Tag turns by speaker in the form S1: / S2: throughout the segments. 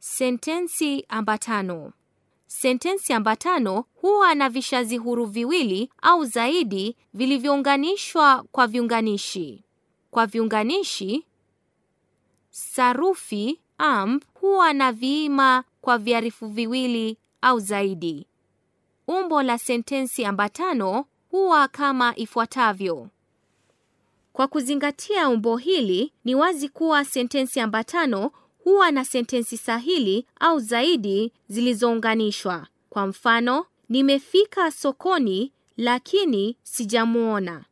S1: Sentensi ambatano. Sentensi ambatano huwa na vishazi huru viwili au zaidi vilivyounganishwa kwa viunganishi. Kwa viunganishi, sarufi amb huwa na viima kwa viarifu viwili au zaidi. Umbo la sentensi ambatano huwa kama ifuatavyo. Kwa kuzingatia umbo hili, ni wazi kuwa sentensi ambatano huwa na sentensi sahili au zaidi zilizounganishwa. Kwa mfano, nimefika sokoni lakini sijamwona.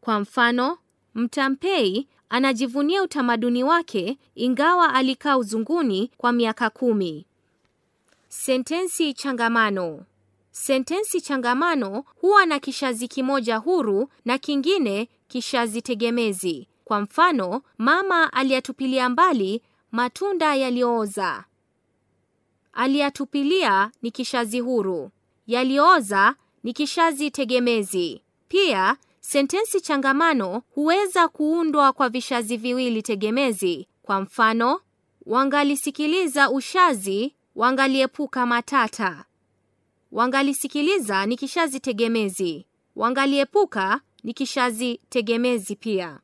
S1: Kwa mfano, Mtampei anajivunia utamaduni wake ingawa alikaa uzunguni kwa miaka kumi. Sentensi changamano. Sentensi changamano huwa na kishazi kimoja huru na kingine kishazi tegemezi. Kwa mfano, mama aliyatupilia mbali matunda yaliyooza. Aliyatupilia ni kishazi huru, yaliyooza ni kishazi tegemezi. Pia sentensi changamano huweza kuundwa kwa vishazi viwili tegemezi. Kwa mfano, wangalisikiliza ushazi, wangaliepuka matata. Wangalisikiliza ni kishazi tegemezi, wangaliepuka ni kishazi tegemezi pia.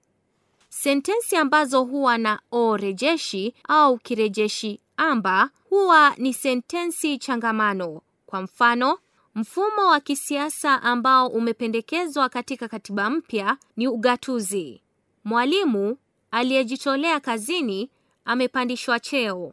S1: Sentensi ambazo huwa na o rejeshi au kirejeshi amba huwa ni sentensi changamano. Kwa mfano, mfumo wa kisiasa ambao umependekezwa katika katiba mpya ni ugatuzi. Mwalimu aliyejitolea kazini amepandishwa cheo.